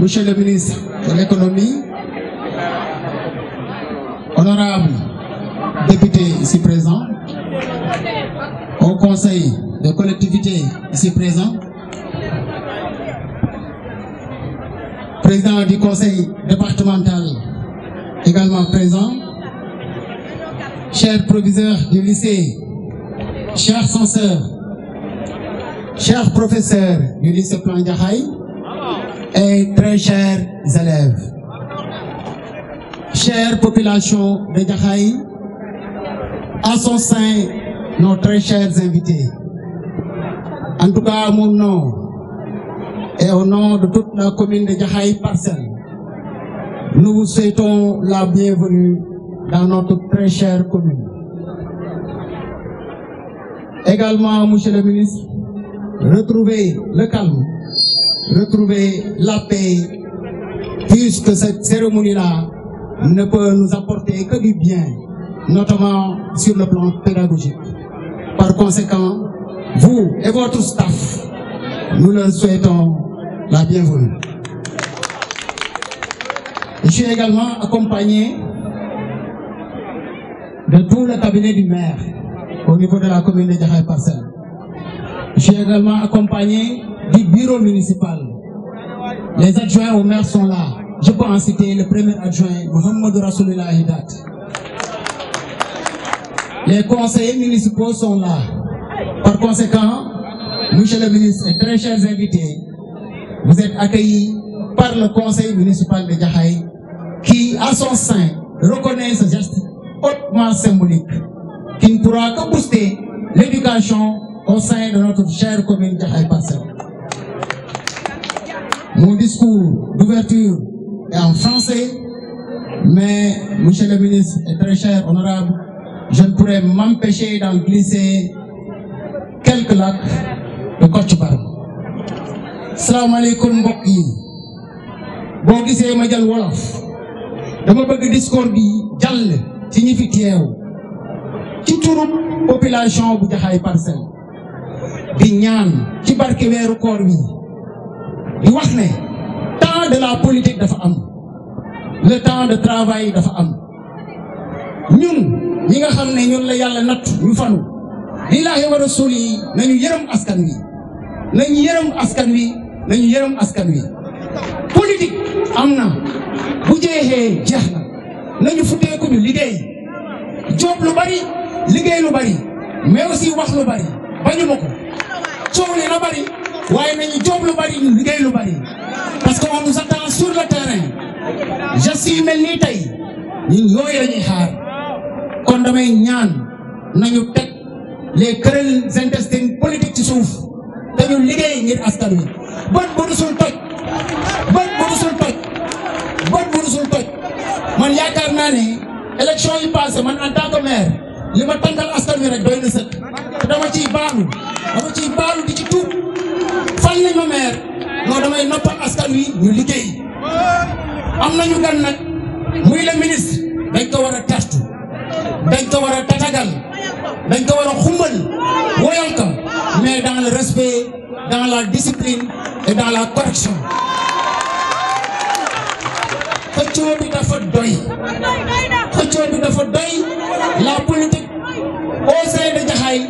Monsieur le ministre de l'économie, honorable député ici présent, au conseil de collectivité ici présent, président du conseil départemental également présent, chers proviseurs du lycée, chers censeurs, chers professeurs du lycée Plan Djahaï, et très chers élèves, chère population de Djahaï, à son sein, nos très chers invités. En tout cas, mon nom et au nom de toute la commune de Djahaï Parcelle, nous vous souhaitons la bienvenue dans notre très chère commune. Également, Monsieur le ministre, retrouvez le calme, retrouvez la paix, puisque cette cérémonie-là ne peut nous apporter que du bien, notamment sur le plan pédagogique. Par conséquent, vous et votre staff, nous leur souhaitons la bienvenue. Je suis également accompagné de tout le cabinet du maire au niveau de la commune de Djahaï Je J'ai également accompagné du bureau municipal. Les adjoints au maire sont là. Je peux en citer le premier adjoint, Mohamed Rasoulillah Hidat. Les conseillers municipaux sont là. Par conséquent, Monsieur le ministre et très chers invités, vous êtes accueillis par le conseil municipal de Jahaï qui, à son sein, reconnaît ce geste hautement symbolique qui ne pourra que booster l'éducation au sein de notre chère commune de Haïpassel. Mon discours d'ouverture est en français, mais, monsieur le ministre et très cher honorable, je ne pourrais m'empêcher d'en glisser quelques lacs de Kotchoubar. Salam alaikum Bokki. yi c'est Majal ma jël wolof dama bëgg discours bi si ñi fi teew ci turub population bu jaxaay parcelle di ñaan ci barke koor wi di wax ne temps de la politique dafa am le temps de travail dafa am ñun ñi nga xam ne ñun la yàlla natt ñu fanu lillaahi wa rasul yi nañu yërëm askan wi nañu yërëm askan wi nañu yërëm askan wi politique am na bu jeexee jeex nañu futteeku ñu liggéey joob lu bari liggéey lu bari mais aussi wax lu bari bañu ko coow li na bari waaye nañu joob lu bari liggéey lu bari parce que on nous attend sur le terrain gestes yu mel nii tey ñun yooyu lañuy xaar kon ñaan nañu teg les querelles intestines politiques ci suuf dañu liggéey ngir askan wi bët bu dusul toj bët bu dusul toj toj man yaakaar naa ni élection yi passé man en tant li ma tànkal askan wi rek doy na sëkk te dama ciy baalu dama ciy baalu di ci tuub fal nañ ma maire non damay noppal askan wi ñu liggéey am nañu gan nag muy le ministre dañ ko war a tartu dañ ko war a tatagal dañ ko war a xumbal woyal ko mais dans le respect la discipline et dans la correction la politique au sein de jahaï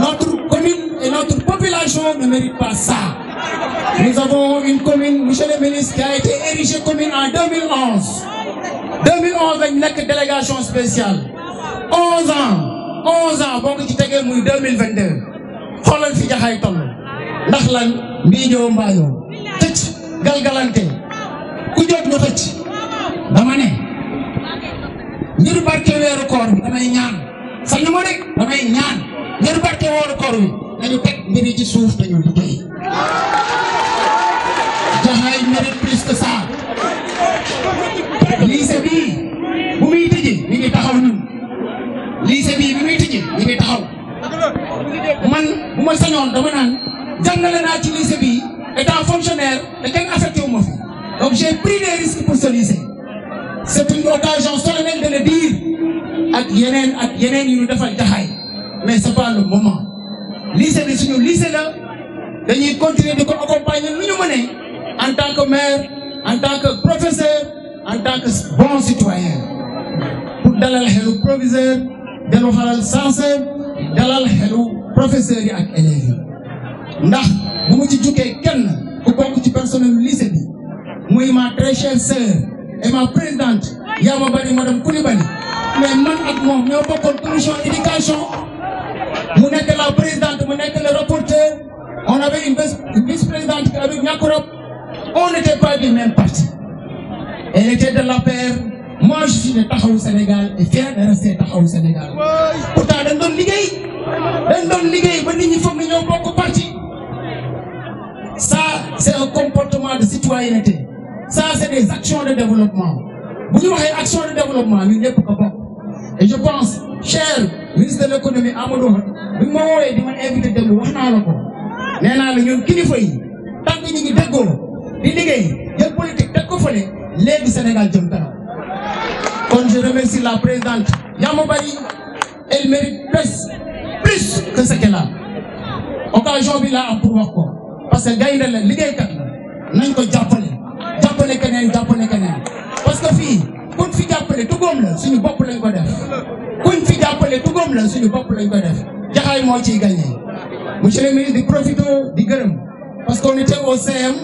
notre commune et notre population ne méritent pas ça nous avons une commune monsieur le ministre qui a été érigée commune en 2011 2011 avec une délégation spéciale 11 ans 11 ans bon, ko ci 2022 xoolal fi Jaxaay toll ndax lan ku damane ne ngir barke weeru koor bi damay ñaan sañ ma rek damay ñaan ngir barke weeru koor bi dañu teg mbir yi ci suuf dañu liggéey Jaxaay mérite plus que ça lycée bii bu muy tijji mi ngi taxaw ñun lycée bii bi muy tijji mi ngi taxaw man bu ma sañoon dama naan jàngale naa ci lycée bii étant fonctionnaire te kenn affecté wu ma fi donc j'ai pris des risques pour ce lycée c'est une occasion solennelle de le dire Et yeneen ak yeneen yu ñu defal taxaay mais c'est pas le moment lycée bi suñu lycée nous dañuy continuer de ko accompagner nous en tant que maire en tant que professeur en tant que bon citoyen pour dalal xelu professeur, dalu xalal censeur dalal xelu professeurs yi ak élèves yi ndax bu mu ci jugee kenn ku des ci personnel lycée bi muy ma très chère sœur et ma présidente Yama Bani, madame Koulibaly, mais man ak moom ñoo bokkoon commission éducation mu que la présidente mu que le rapporteur on avait une vice-présidente qui une accroche, on n'était pas du même parti elle était de la paix. moi je suis de au Sénégal et fier de rester au Sénégal pourtant dañ doon liggéey Elle elle liggéey ba nit ñi foog ni ñoo bokk parti ça c'est un comportement de citoyenneté ça c'est des actions de développement Vous ñu des actions de développement nous n'avons ko et je pense cher ministre de l'économie Amadou Hott que ma di ma invité démb wax tant que politique Sénégal je remercie la présidente elle mérite plus plus que ce qu'elle a occasion bi am pour wax parce que la il nañ keneen jàppale keneen parce que fii kuñ fi jàppale tugoom la suñu bopp lañ ko def kuñ fi jàppale tugoom la suñu bopp lañ ko def jaxaay moo ciy gagné monsieur le ministre di profité di gërëm parce que on a au CM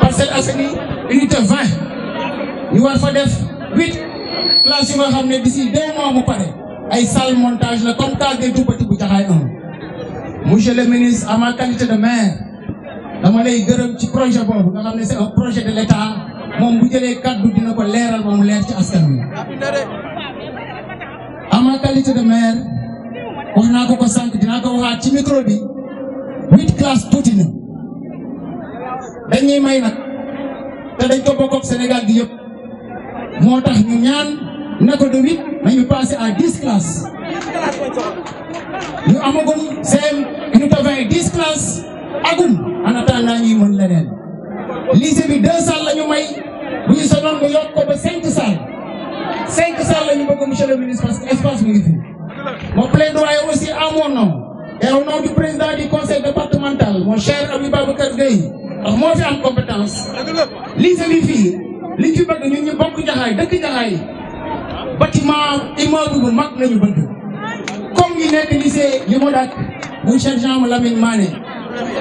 Parcelles Assainies unité 20 def huit classes yu nga xam ne d'ici deux mois mu pare ay salle montage la comme case des tout bu jaxaay am monsieur le ministre à ma qualité de maire dama lay gëreum ci projet bobu nga xamné c'est un projet de l'État mom bu jëlee kaddu dina ko léral mom lér ci askan bi ama qualité de maire wax na ko ko sank dina ko waxaat ci micro bi huit classe tuuti na dañuy may nak te dañ ko bokk Sénégal di yëpp motax ñu ñaan nako ko de mais ñu passé à 10 classes ñu amagon CM ñu tawé 10 classes agum en attendant ñuy mën leneen lycée bi deux salles la may bu ñu sonoon nga yokk ko ba cinq salles cinq salles la ñu bëgg monsieur le ministre parce que espace mu ngi fi mon plaidoyer aussi à mon nom et au nom du président du conseil départemental mon cher Ami Babacar moo fi am compétence lycée bi fii liñ fi bëgg ñun ñu bokk Jaxaay dëkk Jaxaay bâtiment immeuble mag nañu bëgg comme ñu nekk lycée Limodak bu cher Jean Lamine Mané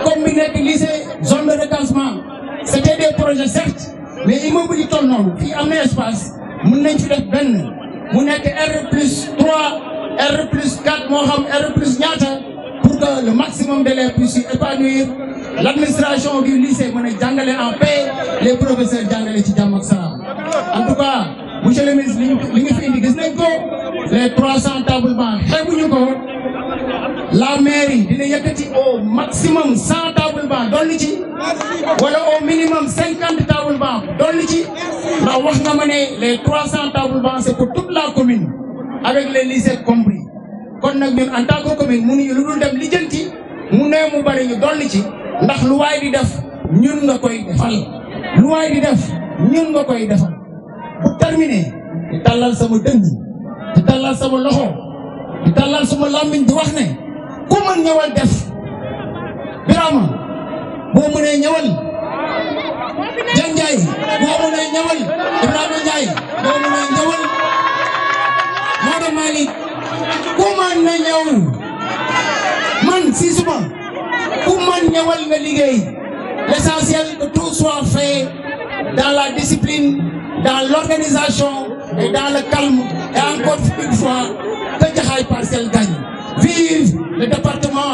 comme mi lycée zone de recensement c'était des projets certes mais immobilier yi dit noonu fii am un espace mun nañ fi def ben R plus 3 R plus 4 R plus pour que le maximum d'élèves puisse épanouir. l'administration du lycée mën a en paix les professeurs jàngale ci jàmm ak en tout cas monsieur le ministre li les 300 tables la mairie dina yëkkati au maximum cent table banc dolli ci wala au minimum cinquante table dolli ci ndax wax nga ma ne les trois cent table banc c'est pour toute la commune avec les lycées kon nag ñun en tant que commune mënuñu lu dul dem lijjanti mu ne mu bari ñu dolli ci ndax lu waay di def ñun nga koy defal lu waay di def ñun nga koy defal bu terminé di tàllal sama dënd di tàllal sama loxo di tàllal sama làmmiñ di wax ne Comment mën ñëwal def Birama boo mënee ñëwal Dieng Ndiaye boo mënee ñëwal Ibrahima Ndiaye boo mënee ñëwal Maodo Malick ku mën na man si suma ku mën ñëwal nga l'essentiel que tout soit fait dans la discipline dans l'organisation et dans le calme et encore une fois que Jaxaay seul gagne vive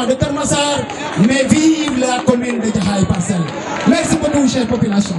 de mais vive la commune de Djahaï Parcel. Merci beaucoup, chère population.